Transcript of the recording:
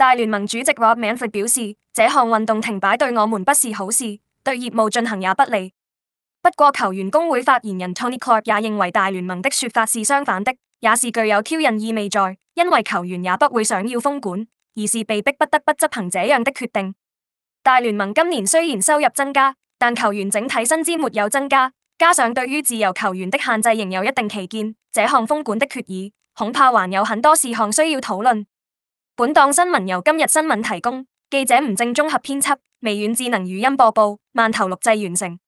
大聯盟主席 Rob Manfred 表示，這項運動停擺對我們不是好事，對業務進行也不利。不過，球員工會發言人 Tony Clark 也認為大聯盟的說法是相反的，也是具有挑釁意味在，因為球員也不會想要封管，而是被迫不得不執行這樣的決定。大聯盟今年雖然收入增加，但球員整體薪資沒有增加，加上對於自由球員的限制仍有一定期見，這項封管的決議恐怕還有很多事項需要討論。本檔新聞由今日新聞提供，記者吳正綜合編輯，微軟智能語音播報，饅頭錄製完成。